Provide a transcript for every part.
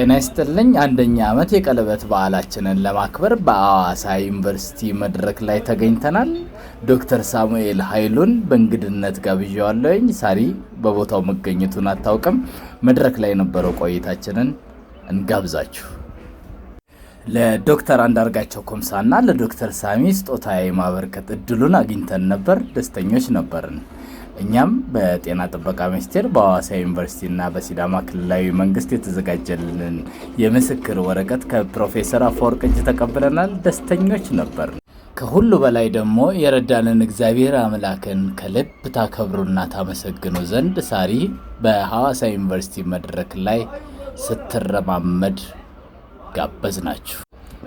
ጤና ይስጥልኝ። አንደኛ ዓመት የቀለበት በዓላችንን ለማክበር በአዋሳ ዩኒቨርሲቲ መድረክ ላይ ተገኝተናል። ዶክተር ሳሙኤል ኃይሉን በእንግድነት ጋብዣዋለኝ። ሳሪ በቦታው መገኘቱን አታውቅም። መድረክ ላይ የነበረው ቆይታችንን እንጋብዛችሁ። ለዶክተር አንዳርጋቸው ኮምሳና ለዶክተር ሳሚ ስጦታ የማበርከት እድሉን አግኝተን ነበር። ደስተኞች ነበርን። እኛም በጤና ጥበቃ ሚኒስቴር በሐዋሳ እና በሲዳማ ክልላዊ መንግስት የተዘጋጀልንን የምስክር ወረቀት ከፕሮፌሰር አፈወርቅ እጅ ተቀብለናል። ደስተኞች ነበር። ከሁሉ በላይ ደግሞ የረዳንን እግዚአብሔር አምላክን ከልብ ታከብሩና ታመሰግኑ ዘንድ ሳሪ በሐዋሳ ዩኒቨርሲቲ መድረክ ላይ ስትረማመድ ጋበዝ ናችሁ።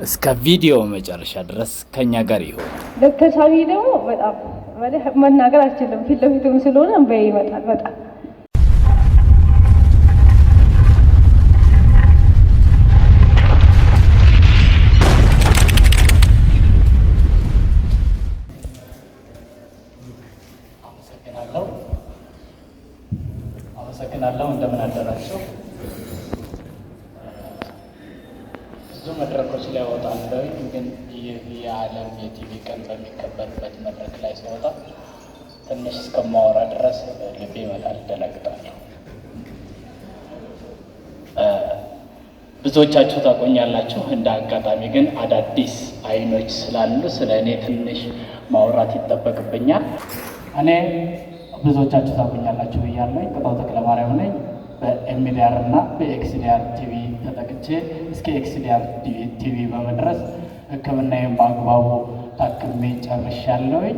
እስከ ቪዲዮ መጨረሻ ድረስ ከኛ ጋር ይሆን። ደግሞ በጣም መናገር አልችልም። ፊት ለፊቱም ስለሆነ እንባ ይመጣል በጣም ብዙዎቻችሁ ታቆኛላችሁ። እንደ አጋጣሚ ግን አዳዲስ አይኖች ስላሉ ስለ እኔ ትንሽ ማውራት ይጠበቅብኛል። እኔ ብዙዎቻችሁ ታቆኛላችሁ ብያለሁ። ቅጣው ተክለማርያም ነኝ። በኤሚዲያር እና በኤክስዲአር ቲቪ ተጠቅቼ እስከ ኤክስዲአር ቲቪ በመድረስ ሕክምናዬን በአግባቡ ታክሜ ጨርሻለሁኝ።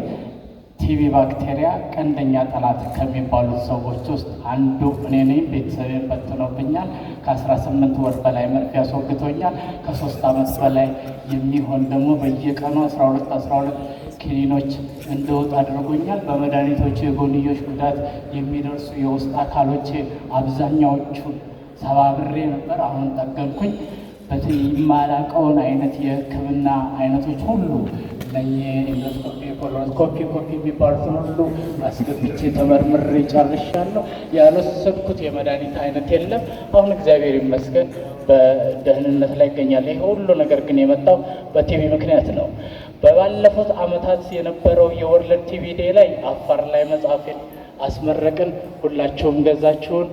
ቲቪ ባክቴሪያ ቀንደኛ ጠላት ከሚባሉት ሰዎች ውስጥ አንዱ እኔ ነኝ። ቤተሰቤን በትኖብኛል። ከ18 ወር በላይ መርፌ ያስወግቶኛል። ከሶስት ዓመት በላይ የሚሆን ደግሞ በየቀኑ 12 12 ክኒኖች እንደወጥ አድርጎኛል። በመድኃኒቶቹ የጎንዮሽ ጉዳት የሚደርሱ የውስጥ አካሎች አብዛኛዎቹ ሰባብሬ ነበር። አሁን ጠገንኩኝ። በማላቀውን አይነት የህክምና አይነቶች ሁሉ ለየ ኮሎን ኮፒ ኮፒ የሚባሉትን ሁሉ አስገብቼ ተመርምሬ ጨርሻለሁ። ያለሰብኩት የመድኃኒት አይነት የለም። አሁን እግዚአብሔር ይመስገን በደህንነት ላይ ይገኛል ይህ ሁሉ ነገር ግን የመጣው በቲቪ ምክንያት ነው። በባለፉት አመታት የነበረው የወርልድ ቲቪ ዴ ላይ አፋር ላይ መጽሐፌን አስመረቅን። ሁላችሁም ገዛችሁን፣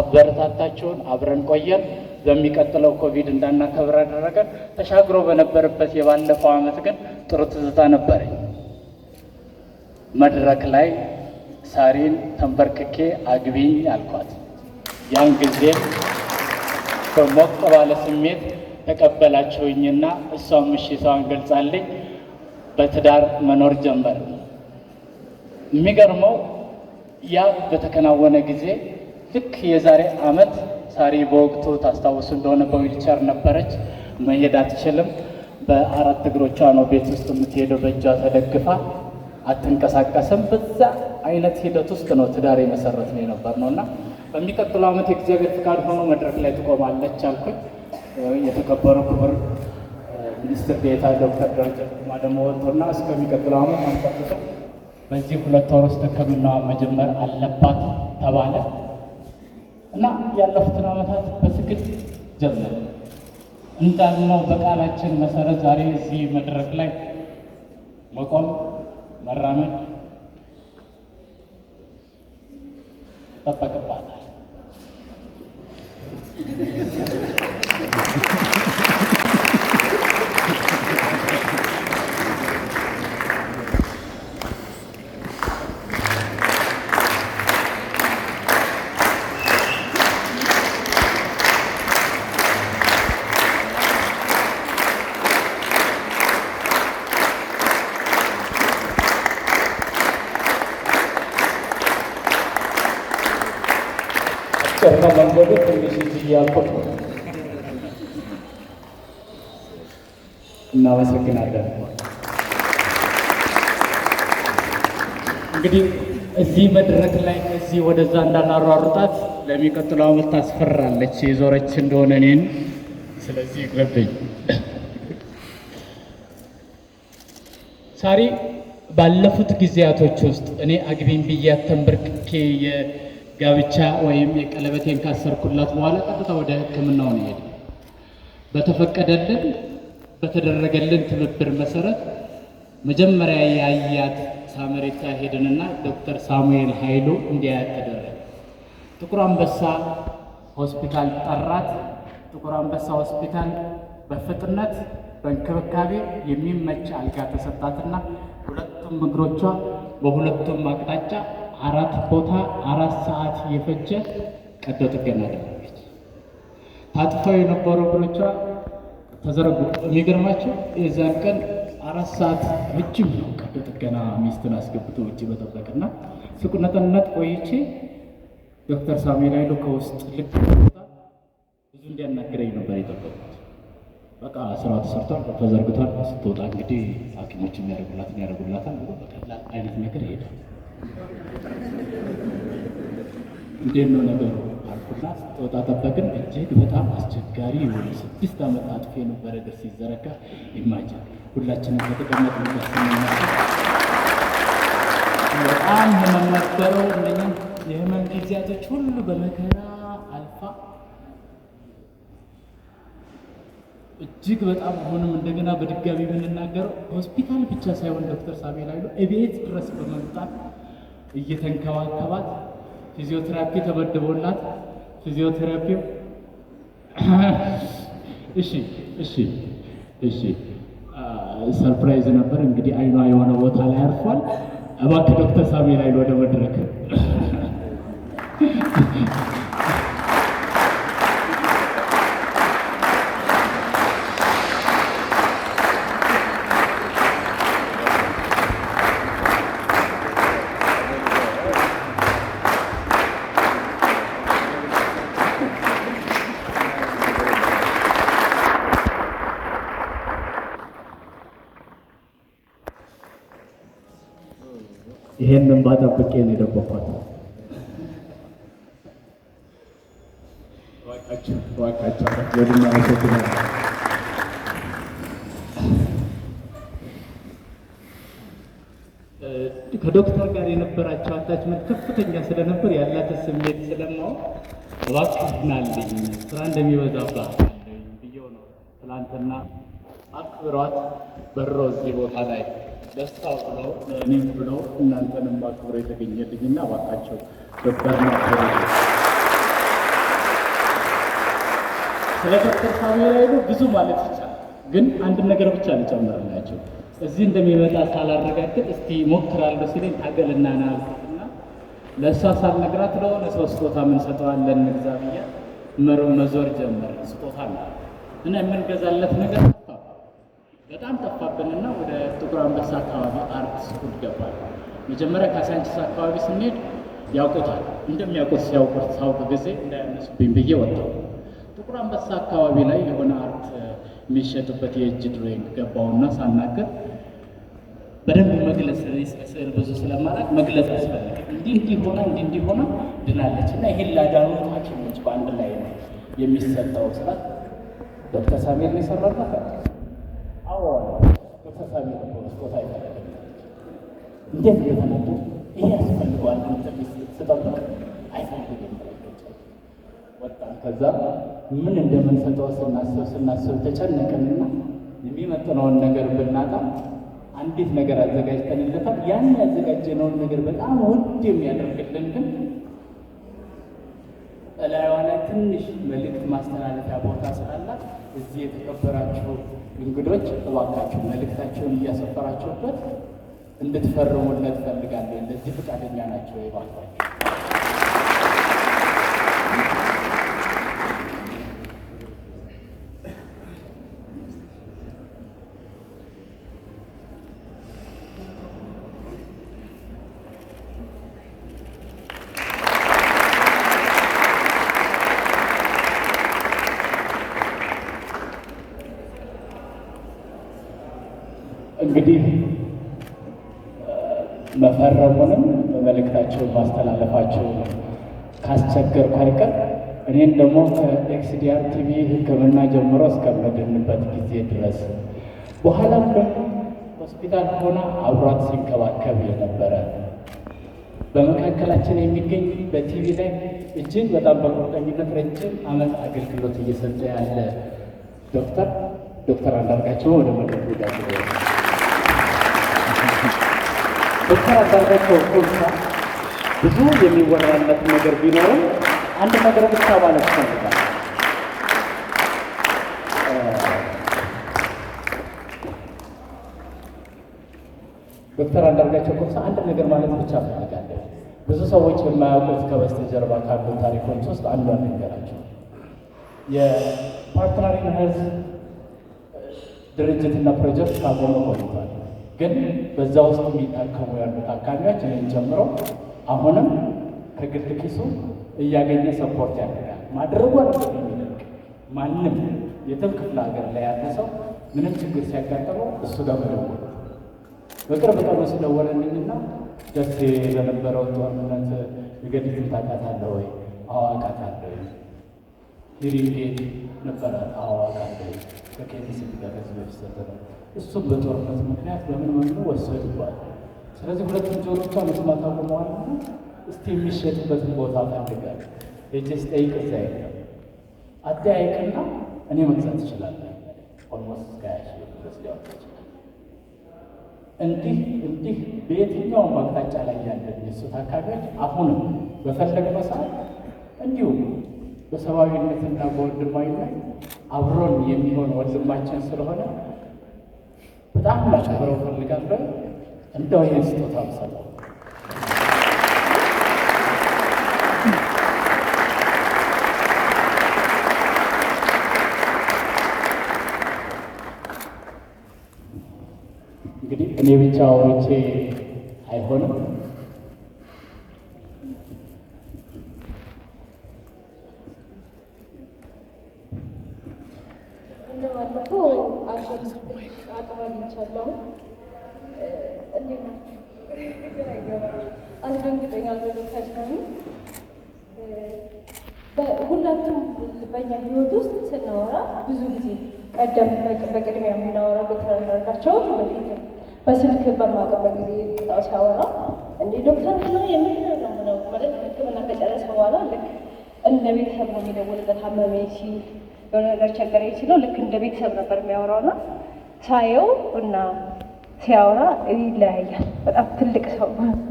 አበረታታችሁን፣ አብረን ቆየን። በሚቀጥለው ኮቪድ እንዳናከብር አደረገን። ተሻግሮ በነበረበት የባለፈው ዓመት ግን ጥሩ ትዝታ ነበረኝ። መድረክ ላይ ሳሪን ተንበርክኬ አግቢኝ አልኳት። ያን ጊዜ በሞቅ ባለ ስሜት ተቀበላቸውኝና እሷም ምሽቷን ገልጻልኝ በትዳር መኖር ጀመር። የሚገርመው ያ በተከናወነ ጊዜ ልክ የዛሬ ዓመት ሳሪ በወቅቱ ታስታውሱ እንደሆነ በዊልቸር ነበረች፣ መሄድ አትችልም። በአራት እግሮቿ ነው ቤት ውስጥ የምትሄደው በእጇ ተደግፋ አትንቀሳቀስም። በዛ አይነት ሂደት ውስጥ ነው ትዳር የመሰረት ነው የነበር ነው እና በሚቀጥለው ዓመት የእግዚአብሔር ፍቃድ ሆኖ መድረክ ላይ ትቆማለች አልኩኝ። የተከበረ ክቡር ሚኒስትር ቤታ ዶክተር ደረጀ ማ ደግሞ ወጥቶና እስከሚቀጥለው ዓመት አንቀጥቶ በዚህ ሁለት ወር ውስጥ ሕክምናዋ መጀመር አለባት ተባለ እና ያለፉትን ዓመታት በትግል ጀመረ። እንዳልነው በቃላችን መሰረት ዛሬ እዚህ መድረክ ላይ መቆም መራመድ ይጠበቅባታል። አልቆጥም። እናመሰግናለን። እንግዲህ እዚህ መድረክ ላይ እዚህ ወደዛ እንዳላሯሩጣት ለሚቀጥለው ዓመት ታስፈራለች የዞረች እንደሆነ እኔን። ስለዚህ ይቅርብኝ። ሳሪ ባለፉት ጊዜያቶች ውስጥ እኔ አግቢን ብያተን ብርክኬ ጋብቻ ወይም የቀለበቴን ካሰርኩላት በኋላ ቀጥታ ወደ ሕክምናው ነው የሄድን። በተፈቀደልን በተደረገልን ትብብር መሰረት መጀመሪያ ያያት ሳመሬታ ሄድንና ዶክተር ሳሙኤል ኃይሉ እንዲያያት ተደረገ። ጥቁር አንበሳ ሆስፒታል ጠራት። ጥቁር አንበሳ ሆስፒታል በፍጥነት በእንክብካቤ የሚመች አልጋ ተሰጣትና ሁለቱም እግሮቿ በሁለቱም አቅጣጫ አራት ቦታ አራት ሰዓት የፈጀ ቀዶ ጥገና አደረገች። ታጥፈው የነበሩ እግሮቿ ተዘረጉ። የሚገርማቸው የዛን ቀን አራት ሰዓት ረጅም ነው ቀዶ ጥገና ሚስትን አስገብቶ ውጭ በጠበቅና ስቁነጠነት ቆይቼ ዶክተር ሳሙኤል ኃይሉ ከውስጥ ልክ ብዙ እንዲያናግረኝ ነበር የጠበቁት። በቃ ስራ ተሰርቷል፣ ተዘርግቷል። ስትወጣ እንግዲህ ሐኪሞች የሚያደርጉላትን ያደርጉላታል። በቀላል አይነት ነገር ይሄዳል። እንዴት ነው ነገሩ አልኩላት። ጦጣ ጠበቅን። እጅግ በጣም አስቸጋሪ የሆነ ስድስት ዓመት አጥፎ የነበረ እግር ሲዘረጋ ይማጃል። ሁላችንም በተቀመጥ በጣም ህመም ነበረው። እነኝም የህመም ጊዜያቶች ሁሉ በመከራ አልፋ እጅግ በጣም አሁንም እንደገና በድጋሚ የምንናገረው ሆስፒታል ብቻ ሳይሆን ዶክተር ሳሙኤል ኃይሉ እቤት ድረስ በመምጣት እየተንከባከባት ፊዚዮቴራፒ ተመድቦላት ፊዚዮቴራፒው እሺ እሺ እሺ ሰርፕራይዝ ነበር እንግዲህ አይኗ የሆነ ቦታ ላይ አርፏል። እባክህ ዶክተር ሳሚ ላይ ወደ መድረክ ጠብቄ ነው የደበኳት። ከዶክተር ጋር የነበራቸው አታችመንት ከፍተኛ ስለነበር ያላትን ስሜት ስለማወቅ እባክህናለኝ ስራ እንደሚበዛባት ብዬው ነው ትላንትና አክብሯት በሮ እዚህ ቦታ ላይ ደስታ ብለው እኔም ብለው እናንተንም ባክብሮ የተገኘልኝና እባካቸው ዶክተር ናቸው ስለ ዶክተር ሳሙኤል አይሉ ብዙ ማለት ይቻላል። ግን አንድ ነገር ብቻ ልጨምርላቸው። እዚህ እንደሚመጣ ሳላረጋግጥ እስቲ ሞክራለሁ ሲለኝ ታገልና ና አልኩትና ለእሷ ሳልነግራት ለሆነ ሰው ስጦታ ምንሰጠዋለን እንግዛ ብያ መዞር ጀመረ። ስጦታ እና የምንገዛለት ነገር በጣም ጠፋብንና ወደ ጥቁር አንበሳ አካባቢ አርት ስኩል ገባል። መጀመሪያ ካሳንቺስ አካባቢ ስንሄድ ያውቁታል እንደሚያውቁት ሲያውቁት ሳውቅ ጊዜ እንዳያነሱብኝ ብዬ ወጣሁ። ጥቁር አንበሳ አካባቢ ላይ የሆነ አርት የሚሸጥበት የእጅ ድሮይንግ ገባውና ሳናገር በደንብ መግለጽ ስዕል ብዙ ስለማላቅ መግለጽ ያስፈልግ እንዲህ እንዲህ ሆነ እንዲህ እንዲህ ሆነ ድናለች እና ይሄን ላዳኑ ሐኪሞች በአንድ ላይ ነው የሚሰጠው ስራ ዶክተር ሳሜር ነው ፍጻሜ ስጦታ አይፈለግም። እንዴት እንደተመጡ ይሄ ያስፈልገዋል ስጠብቅ አይፈልግም። ወጣን። ከዛ ምን እንደምንሰጠው ስናስብ ስናስብ ተጨነቅንና የሚመጥነውን ነገር ብናጣ አንዲት ነገር አዘጋጅተንለታል። ያን ያዘጋጀነውን ነገር በጣም ውድ የሚያደርግልን ግን እላይዋ ላይ ትንሽ መልእክት ማስተላለፊያ ቦታ ስላላት እዚህ የተከበራችሁ እንግዶች እባካችሁ መልእክታቸውን እያሰፈራችሁበት እንድትፈርሙለት ፈልጋለሁ። ለዚህ ፈቃደኛ ናቸው። ይባርካችሁ። ካልነገርኩ አይቀር እኔን ደግሞ ከኤክስዲአር ቲቪ ሕክምና ጀምሮ እስከምድንበት ጊዜ ድረስ በኋላም ደግሞ ሆስፒታል ሆና አብሯት ሲንከባከብ የነበረ በመካከላችን የሚገኝ በቲቪ ላይ እጅግ በጣም በቁርጠኝነት ረጅም ዓመት አገልግሎት እየሰጠ ያለ ዶክተር ዶክተር አንዳርጋቸው ወደ መድረኩ ጋር ዶክተር አንዳርጋቸው ቁልሳ ብዙ የሚወራለት ነገር ቢኖርም አንድ ነገር ብቻ ማለት ፈልጋል። ዶክተር አንዳርጋቸው ኮምሳ አንድ ነገር ማለት ብቻ ፈልጋለሁ። ብዙ ሰዎች የማያውቁት ከበስተጀርባ ካሉ ታሪኮች ውስጥ አንዷን ነገራቸው የፓርትነሪን ህዝብ ድርጅትና ፕሮጀክት ካቆመ ቆይቷል። ግን በዛ ውስጥ የሚታከሙ ያሉት ታካሚዎች እኔን አሁንም ከግል ኪሱ እያገኘ ሰፖርት ያደርጋል። ማድረጓን የሚለቅ ማንም የትም ክፍለ ሀገር ላይ ያለ ሰው ምንም ችግር ሲያጋጥመው እሱ ጋር መደወል በቅርብ ቀን ውስጥ ደስ በነበረው ጦርነት የገድግን ታውቃታለህ ወይ? አዎ አውቃታለሁ። ሂሪንጌት ነበረ? አዎ አውቃለሁ። ከኬቲስ ጋር ከዚህ በፊት እሱም በጦርነት ምክንያት በምን መምኑ ወሰዱባል ስለዚህ ሁለቱም ጆሮቿ ስላታቁ ማለት ነው። እስቲ የሚሸጥበትን ቦታ ፈልጋል ሄጄ ስጠይቅ እዛ የለም። አጠያይቅና እኔ መግዛት ትችላለህ። ኦልሞስት እስከ ድረስ ሊያወጣ እንዲህ እንዲህ በየትኛውም አቅጣጫ ላይ ያለን የእሱ ታካሚዎች አሁንም በፈለግነው ሰዓት እንዲሁም በሰብአዊነትና በወንድማዊነት አብሮን የሚሆን ወንድማችን ስለሆነ በጣም ላከብረው ፈልጋለሁ። እንደው ይህን ስጦታ ሰጠ። እንግዲህ እኔ ብቻ ወርቼ አይሆንም። ለቤተሰብ ነው የሚደውልበት አመመኝ ሲል የሆነ ነገር ቸገረኝ ሲለው ልክ እንደ ቤተሰብ ነበር የሚያወራው የሚያወራውና ሳየው እና ሲያወራ ይለያያል። በጣም ትልቅ ሰው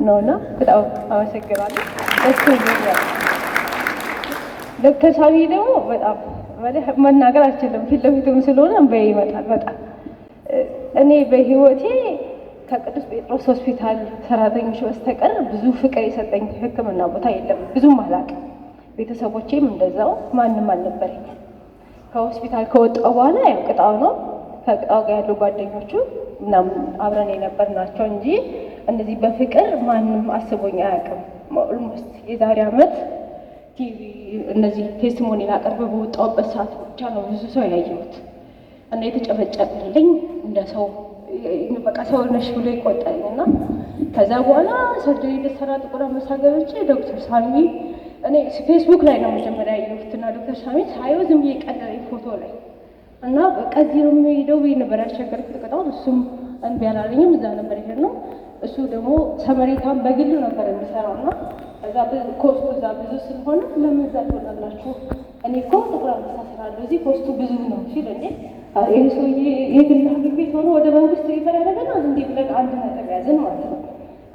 ነውና በጣም አመሰግናለሁ። ዶክተር ሳሚ ደግሞ በጣም መናገር አልችልም፣ ፊት ለፊትም ስለሆነ እንበይ ይመጣል። በጣም እኔ በህይወቴ ከቅዱስ ጴጥሮስ ሆስፒታል ሰራተኞች በስተቀር ብዙ ፍቅር የሰጠኝ ህክምና ቦታ የለም። ብዙም አላውቅም። ቤተሰቦቼም እንደዛው ማንም አልነበረኝ። ከሆስፒታል ከወጣሁ በኋላ ያው ቅጣው ነው ከቅጣው ጋር ያሉ ጓደኞቹ ምናምን አብረን የነበር ናቸው እንጂ እንደዚህ በፍቅር ማንም አስቦኝ አያውቅም። ኦልሞስት የዛሬ ዓመት ቲቪ እነዚህ ቴስቲሞኒ አቀርበ በወጣሁበት ሰዓት ብቻ ነው ብዙ ሰው ያየሁት እና የተጨበጨብልኝ እንደ ሰው በቃ ሰው ነሽ ብሎ ይቆጠኝ እና ከዛ በኋላ ሰርጀሪ ልሰራ ጥቁር አመሳገሮች ዶክተር ሳሚ እኔ ፌስቡክ ላይ ነው መጀመሪያ ያየሁትና ዶክተር ሳሚን ሳየው ዝም ብዬ ቀለለኝ ፎቶ ላይ እና በቀዚህ ነው የሚሄደው ብዬ ነበር ያስቸገርኩት በጣም እሱም እንቢ አላለኝም። እዛ ነበር ይሄድ ነው እሱ ደግሞ ሰመሬታን በግሉ ነበር የሚሰራው እና እዛ ኮስቱ እዛ ብዙ ስለሆነ ለምን እዛ ትወጣላችሁ? እኔ እኮ ጥቁር አንበሳ ስራለሁ እዚህ ኮስቱ ብዙ ነው ሲል እንዴ ይህ ሰውዬ የግል ሐኪም ቤት ሆኖ ወደ መንግስት ሪፈር ያደረገና እንዴ ብለህ አንድ ነጥብ ያዝን ማለት ነው።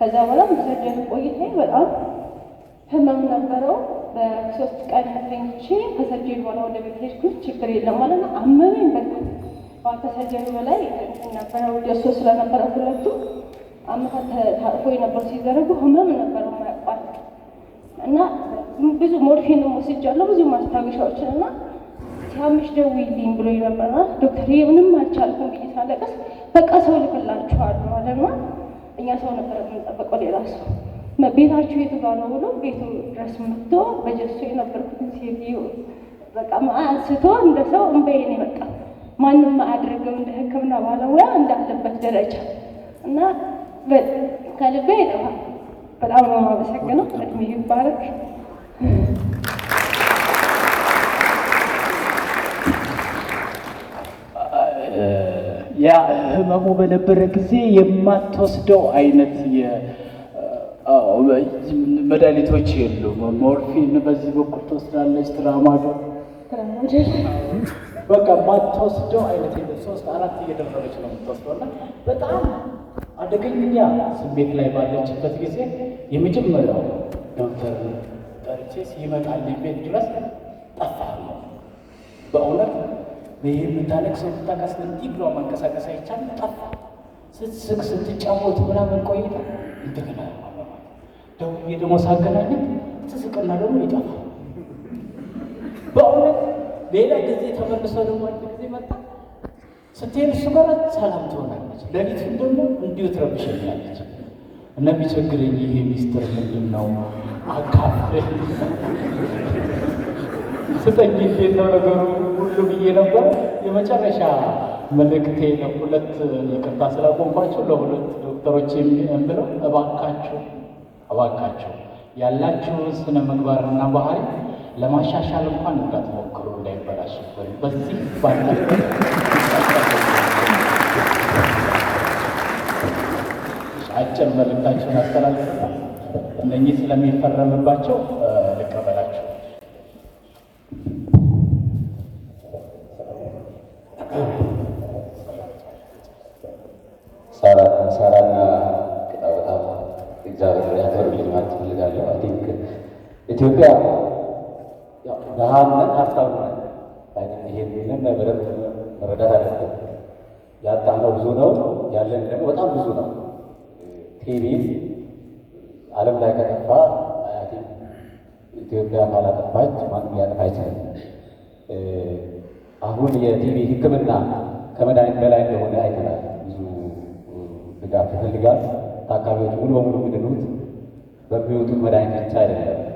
ከዛ በኋላ ምሳደር ቆይታ በጣም ህመም ነበረው። በሶስት ቀን ተኝቼ ከሰርጀሪ በኋላ ወደ ቤት ሄድኩኝ። ችግር የለም ማለት ነው። አመመኝ በጣም ከሰርጀሪ በላይ ነበረ ደሶ ስለነበረ ሁለቱ አመታት ታጥፎ ነበር ሲዘረጉ ህመም ነበረው ማያቋል እና ብዙ ሞርፊን ወስጃለሁ ብዙ ማስታገሻዎችን እና ሲያምሽ ደውይልኝ ብሎ ነበርና ዶክተር ምንም አልቻልኩም ብዬ ሳለቀስ በቃ ሰው ልክላችኋል ማለት ነው። እኛ ሰው ነበረ የምንጠበቀው ሌላ ሰው ቤታችሁ የት ጋር ነው ብሎ ቤቱ ድረስ መጥቶ በጀሶ የነበርኩትን ሴትዮ በቃ አንስቶ እንደ ሰው እንበይን ይመጣ ማንም አያደርግም እንደ ሕክምና ባለሙያ እንዳለበት ደረጃ እና ከልቤ ይጠፋል። በጣም ነው የማመሰግነው። እድሜ ይባረክ። ያ ህመሙ በነበረ ጊዜ የማትወስደው አይነት መድኃኒቶች የሉም። ሞርፊን በዚህ በኩል ትወስዳለች፣ ትራማዶ በቃ ማትወስደው አይነት ሶስት አራት እየደረበች ነው የምትወስደው እና በጣም አደገኛ ስሜት ላይ ባለችበት ጊዜ የመጀመሪያው ዶክተር ጠርቼ ሲመጣል ቤት ድረስ ጠፋ ነው በእውነት ይህ የምታለቅ ሰው ብታቀስ እንዲህ ብሎ መንቀሳቀስ አይቻልም። ጠፋ ስትስቅ ስትጫወት ምናምን ቆይታ እንደገና ደውዬ ደግሞ ሳገናኘት ትስቅና ደግሞ ይጠፋል። በእውነት ሌላ ጊዜ ተመልሶ ደግሞ አንድ ጊዜ መጣ ስትሄድ እሱ ጋር ሰላም ትሆናለች። ለሊቱን ደግሞ እንዲሁ ትረብሸኛለች እና ቢቸግረኝ ይሄ ሚስጥር ምንድን ነው አካፍለኝ ስጠኝ እንዴት ነው ነገሩ ሁሉ ብዬ ነበር። የመጨረሻ መልእክቴ ሁለት ይቅርታ ስላቆንኳቸው ለሁለት ዶክተሮች የሚለው እባካችሁ አባካቸው ያላቸው ስነ ምግባርና ባህሪ ለማሻሻል እንኳን እንዳትሞክሩ እንዳይበላሽብን በዚህ ባለ አጭር መልእክታቸውን አስተላልፍና እነኚህ ስለሚፈረምባቸው ኢትዮጵያ ድሃነት ሀብታም ይሄን በደንብ መረዳት አለብን። ያጣነው ብዙ ነው፣ ያለን ደግሞ በጣም ብዙ ነው። ቲቪ ዓለም ላይ ከጠፋ ኢትዮጵያ ካላጠፋች ማንም ሊያጠፋ አይችልም። አሁን የቲቪ ሕክምና ከመድኃኒት በላይ እንደሆነ አይተናል። ብዙ ድጋፍ ይፈልጋል። ታካሚዎች ሙሉ በሙሉ የሚድኑት በሚወጡት መድኃኒት ብቻ አይደለም።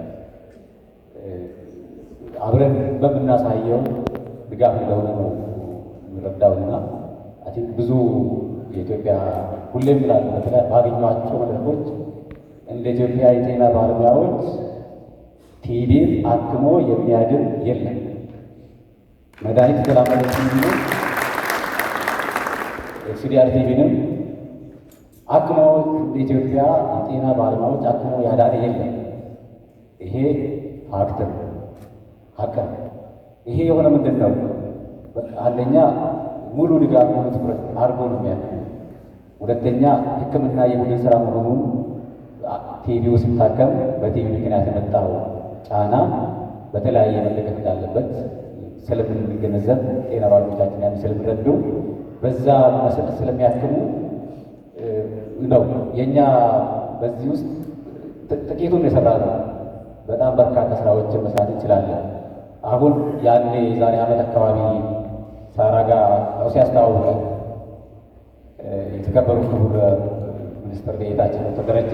አብረን በምናሳየው ድጋፍ እንደሆነ ነው የምረዳውና አን ብዙ የኢትዮጵያ ሁሌም ላለ በተለይ ባገኟቸው መድረኮች እንደ ኢትዮጵያ የጤና ባለሙያዎች ቲቪን አክሞ የሚያድን የለም። መድኃኒት የተላመደ ቲቪ ነው። ቲቪንም አክሞ ኢትዮጵያ የጤና ባለሙያዎች አክሞ ያዳነ የለም። ይሄ ፋክት ነው። አካል ይሄ የሆነ ምንድን ነው? አንደኛ ሙሉ ድጋፍ ሙሉ ትኩረት አድርጎ ነው የሚያክ ሁለተኛ ሕክምና የቡድን ስራ መሆኑን ቲቪው ሲታከም በቲቪ ምክንያት የመጣው ጫና በተለያየ መለከት እንዳለበት ስለምንገነዘብ ጤና ባለሙያዎቻችን ያን ስለሚረዱ በዛ መሰረት ስለሚያክሙ ነው። የእኛ በዚህ ውስጥ ጥቂቱን የሰራ ነው። በጣም በርካታ ስራዎችን መስራት እንችላለን። አሁን ያኔ ዛሬ ዓመት አካባቢ ሳራጋ ሲያስተዋውቀ የተከበሩት ክቡር ሚኒስትር ዴኤታችን ዶክተር ደረጀ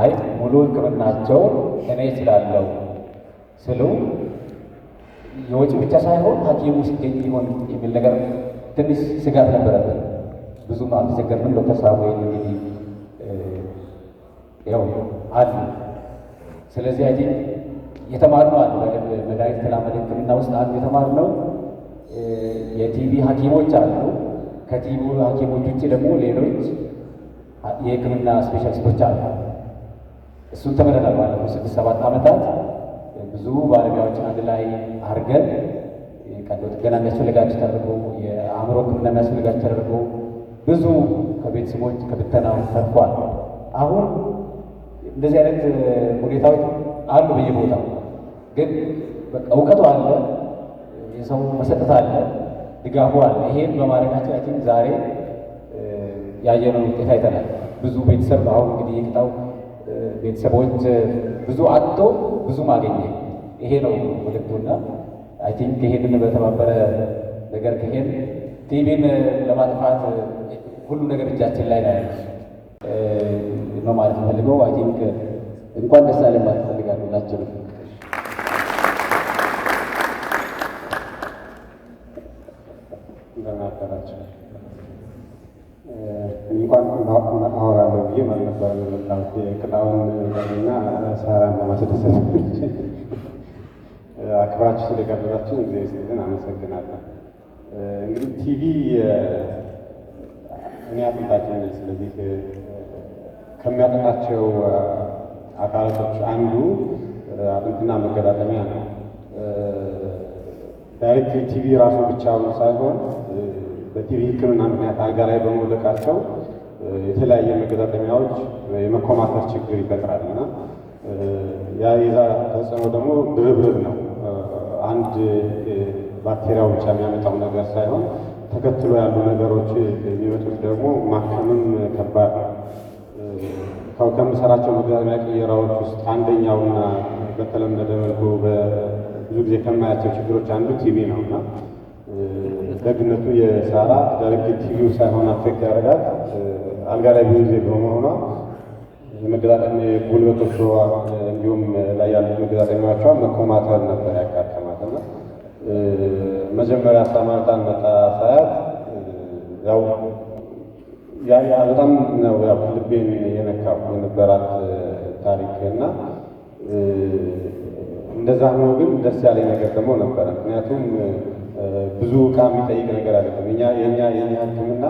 አይ ሙሉ ሕክምናቸው እኔ እችላለሁ ስሉ የወጪ ብቻ ሳይሆን ሐኪሙ ሲገኝ ሊሆን የሚል ነገር ትንሽ ስጋት ነበረብን። ብዙም አልተቸገርንም። ዶክተር ሳሙኤል እንግዲህ ያው አሉ። ስለዚህ አይ የተማር ነው አሉ መድኃኒት ተላመደ ሕክምና ውስጥ አንዱ የተማር ነው የቲቪ ሐኪሞች አሉ። ከቲቪ ሐኪሞች ውጭ ደግሞ ሌሎች የሕክምና ስፔሻሊስቶች አሉ። እሱን ተመረጠ ማለት ነው። ስድስት ሰባት ዓመታት ብዙ ባለሙያዎችን አንድ ላይ አድርገን ቀዶ ጥገና የሚያስፈልጋቸው ተደርጎ የአእምሮ ሕክምና የሚያስፈልጋቸው ተደርጎ ብዙ ከቤተሰቦች ከብተናው ተርፏል። አሁን እንደዚህ አይነት ሁኔታዎች አሉ በየቦታው ግን በቃ እውቀቱ አለ፣ የሰው መሰጠት አለ፣ ድጋፉ አለ። ይሄን በማድረጋቸው አይ ቲንክ ዛሬ ያየነው ውጤት አይተናል። ብዙ ቤተሰብ አሁን እንግዲህ የቅጣው ቤተሰቦች ብዙ አጥቶ ብዙ ማገኘ ይሄ ነው ምልክቱና አይ ቲንክ ይሄንን በተባበረ ነገር ከሄድ ቲቪን ለማጥፋት ሁሉ ነገር እጃችን ላይ ነው ማለት ፈልገው አይ ቲንክ እንኳን ደስ አለን ማለት ፈልጋለሁ ሁላችንም። ሳራን አክብራችሁ ስለጋበዛችሁ ጊዜ ስልን አመሰግናለሁ። እንግዲህ ቲቪ እኔ አጥንታችን ስለዚህ ከሚያጠቃቸው አካላቶች አንዱ አጥንትና መገጣጠሚያ ነው። ዳይሬክት ቲቪ ራሱ ብቻውን ሳይሆን በቲቪ ሕክምና ምክንያት አልጋ ላይ በመውደቃቸው የተለያየ መገጣጠሚያዎች የመኮማተር ችግር ይፈጥራል እና ያ የዛ ተጽዕኖ ደግሞ ድርብርብ ነው። አንድ ባክቴሪያው ብቻ የሚያመጣው ነገር ሳይሆን ተከትሎ ያሉ ነገሮች የሚመጡት ደግሞ ማከምም ከባድ ነው። ያው ከምሰራቸው መገጣጠሚያ ቅየራዎች ውስጥ አንደኛውና በተለመደ መልኩ ብዙ ጊዜ ከማያቸው ችግሮች አንዱ ቲቪ ነው እና ደግነቱ የሳራ ዳይሬክት ቲቪ ሳይሆን አፌክት ያደረጋት አልጋ ላይ ብዙ ጊዜ በመሆኗ የመገጣጠሚ ጉልበቶቿ እንዲሁም ላይ ያሉ መገጣጠሚያዎቿ መኮማተር ነበር ያጋጠማት እና መጀመሪያ ሳማርታን መጣ ሳያት ያው በጣም ነው ያው ልቤን የነካው የነበራት ታሪክ እና እንደዛ ነው። ግን ደስ ያለኝ ነገር ደግሞ ነበረ። ምክንያቱም ብዙ እቃ የሚጠይቅ ነገር አይደለም። እኛ የኛ የኛ ህክምና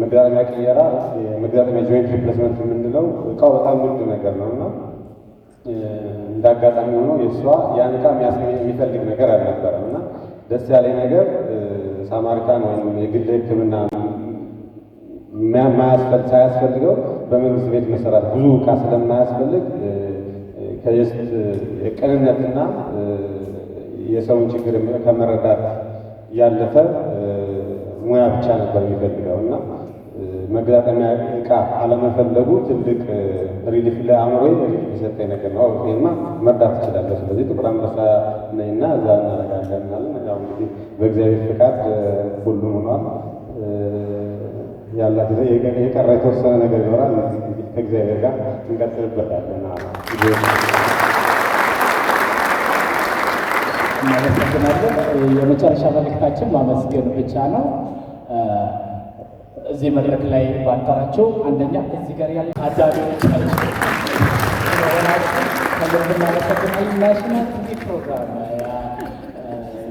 መግጣጠሚያ ቀየራ መግጣጠሚያ ጆይንት ሪፕሌስመንት የምንለው እቃው በጣም ውድ ነገር ነው እና እንደ ሆኖ የእሷ ያን እቃ የሚፈልግ ነገር አልነበረም እና ደስ ያለኝ ነገር ሳማሪታን ወይም የግል ሕክምና ሳያስፈልገው በመንግስት ቤት መሰራት ብዙ እቃ ስለማያስፈልግ ከጀስት ቅንነትና የሰውን ችግር ከመረዳት ያለፈ ሙያ ብቻ ነበር የሚፈልገው እና መገጣጠሚያ እቃ አለመፈለጉ ትልቅ ሪሊፍ ለአእምሮ ሪሊፍ የሰጠኝ ነገር ነው። ይሄማ መርዳት ትችላለህ። ስለዚህ ጥቁር አንበሳ ነኝና እዛ እናረጋጋናለን። እንግዲህ በእግዚአብሔር ፍቃድ ሁሉም ሆኗል። ያላት የቀረ የተወሰነ ነገር ይኖራል። ከእግዚአብሔር ጋር እንቀጥልበታለን። እናመሰግናለን። የመጨረሻ መልእክታችን ማመስገን ብቻ ነው። እዚህ መድረክ ላይ ባጠራቸው አንደኛ እዚህ ጋር ያለ አዳሪዎች ናቸው። ፕሮግራም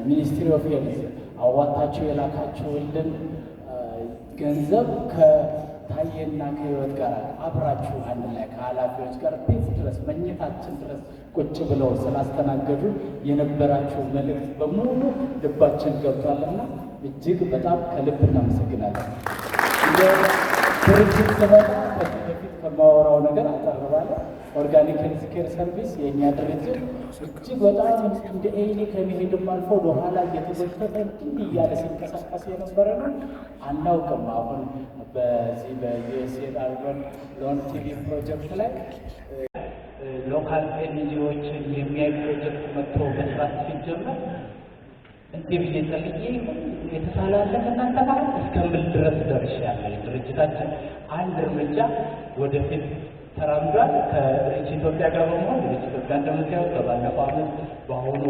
ሚኒስትሪ ኦፍ ሄልዝ አዋጣችሁ የላካችሁልን ገንዘብ ከታየና ከህይወት ጋር አብራችሁ አንድ ላይ ከኃላፊዎች ጋር ቤት ድረስ መኝታችን ድረስ ቁጭ ብለው ስላስተናገዱ የነበራችሁ መልእክት በሙሉ ልባችን ገብቷልና እጅግ በጣም ከልብ እናመሰግናለን። ድርጅት ስመጣ በፊት ከማወራው ነገር አጠርባለሁ። ኦርጋኒክ ሄልዝ ኬር ሰርቪስ የእኛ ድርጅት እጅግ በጣም እንደ ኤኒ ከመሄድም አልፎ በኋላ እየተጎተተ እንዲ እያለ ሲንቀሳቀስ የነበረ ነው። አናውቅም። አሁን በዚህ በዩኤስኤድ አርበን ሎን ቲቪ ፕሮጀክት ላይ ሎካል ኤንጂዎችን የሚያይ ፕሮጀክት መጥቶ መስራት ሲጀመር እንዲህ ብዬ ጠልቄ የተሳላለን እናንተ ማለት እስከምል ድረስ ደርሻ ያለ ድርጅታችን አንድ እርምጃ ወደፊት ተራምዷል። ከኢትዮጵያ ጋር በመሆን እንግዲህ ኢትዮጵያ እንደምታዩት በባለፈው ዓመት በአሁኑ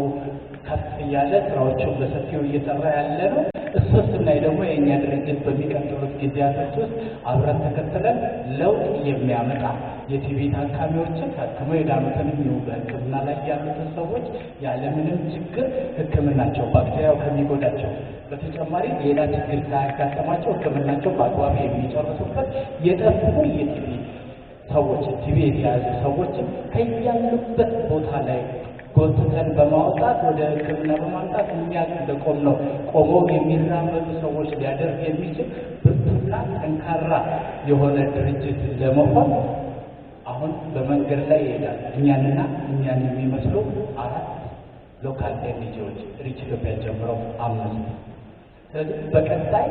ከፍ እያለ ስራዎችን በሰፊው እየሰራ ያለ ነው። እሱስ ላይ ደግሞ የእኛ ድርጅት በሚቀጥሉት ጊዜያቶች ውስጥ አብረን ተከትለን ለውጥ የሚያመጣ የቲቪ ታካሚዎችን ታክሞ የዳኑትንም ይሁን በሕክምና ላይ ያሉትን ሰዎች ያለምንም ችግር ሕክምናቸው ባክቴሪያው ከሚጎዳቸው በተጨማሪ ሌላ ችግር ሳያጋጠማቸው ሕክምናቸው በአግባብ የሚጨርሱበት የጠፉ የቲቪ ሰዎች ቲቪ የተያዙ ሰዎችም ከያሉበት ቦታ ላይ ጎትተን በማውጣት ወደ ሕክምና በማምጣት እኛ እንደቆም ነው ቆሞ የሚራመዱ ሰዎች ሊያደርግ የሚችል ብርቱና ጠንካራ የሆነ ድርጅት ለመሆን አሁን በመንገድ ላይ ይሄዳል። እኛንና እኛን የሚመስሉ አራት ሎካል ኤንጂዎች ሪች ኢትዮጵያ ጀምሮ አምስት። ስለዚህ በቀጣይ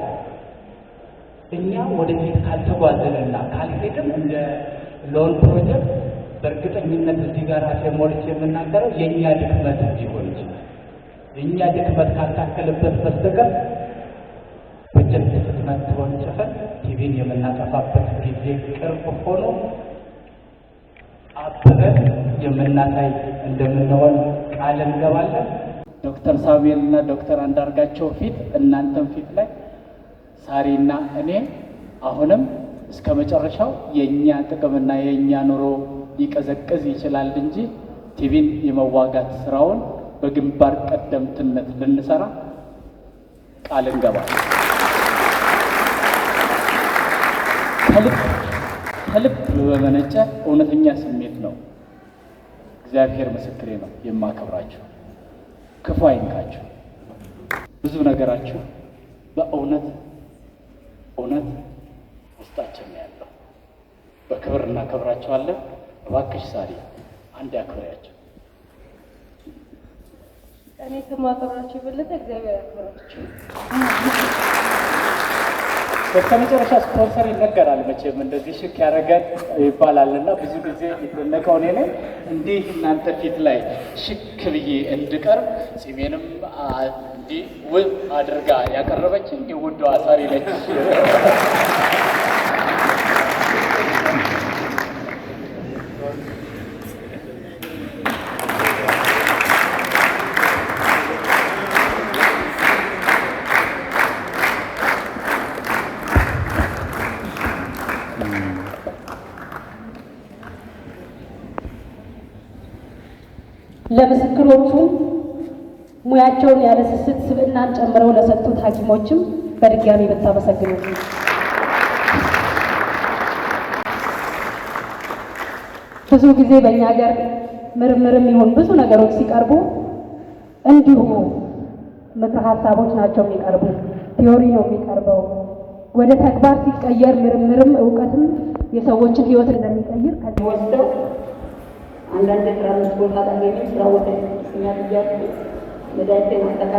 እኛ ወደፊት ካልተጓዘንና ካልሄድም እንደ ሎን ፕሮጀክት በእርግጠኝነት እዚህ ጋር አሸሞልች የምናገረው የእኛ ድክመት ሊሆን ይችላል። እኛ ድክመት ካልታከልበት በስተቀር ፕሮጀክት ፍጥነት ሆን ጭፈን ቲቪን የምናጠፋበት ጊዜ ቅርብ ሆኖ አብረን የምናሳይ እንደምንሆን ቃል እንገባለን። ዶክተር ሳሙኤል እና ዶክተር አንዳርጋቸው ፊት እናንተም ፊት ላይ ሳሪና እኔ አሁንም እስከ መጨረሻው የእኛ ጥቅምና የእኛ ኑሮ ሊቀዘቅዝ ይችላል እንጂ ቲቪን የመዋጋት ስራውን በግንባር ቀደምትነት ልንሰራ ቃል እንገባለን። ከልብ በመነጨ እውነተኛ ስሜት ነው። እግዚአብሔር ምስክሬ ነው። የማከብራችሁ ክፉ አይንካችሁ። ብዙ ነገራችሁ በእውነት እውነት ውስጣችን ነው ያለው። በክብር እናከብራቸዋለን። እባክሽ ሳሪ አንድ ያክብሪያቸው። እኔ ከማከብራቸው የበለጠ እግዚአብሔር ያክብራቸው። እስከ መጨረሻ ስፖንሰር ይነገራል መቼም እንደዚህ ሽክ ያደረገን ይባላል እና ብዙ ጊዜ የሚደነቀው እኔ ነኝ። እንዲህ እናንተ ፊት ላይ ሽክ ብዬ እንድቀርብ ጺሜንም እንዲህ ውብ አድርጋ ያቀረበችን የውዷ ሳሪ ነች። ሙያቸውን ያለ ስስት ስብዕናን ጨምረው ለሰጡት ሐኪሞችም በድጋሚ ብታመሰግኑ። ብዙ ጊዜ በእኛ ሀገር ምርምርም ይሁን ብዙ ነገሮች ሲቀርቡ እንዲሁ ምክር ሀሳቦች ናቸው የሚቀርቡ፣ ቲዮሪ ነው የሚቀርበው። ወደ ተግባር ሲቀየር ምርምርም እውቀትም የሰዎችን ህይወት እንደሚቀይር ከዚህ ወስደው አንዳንድ ስራ ቦታ berdata mengatakan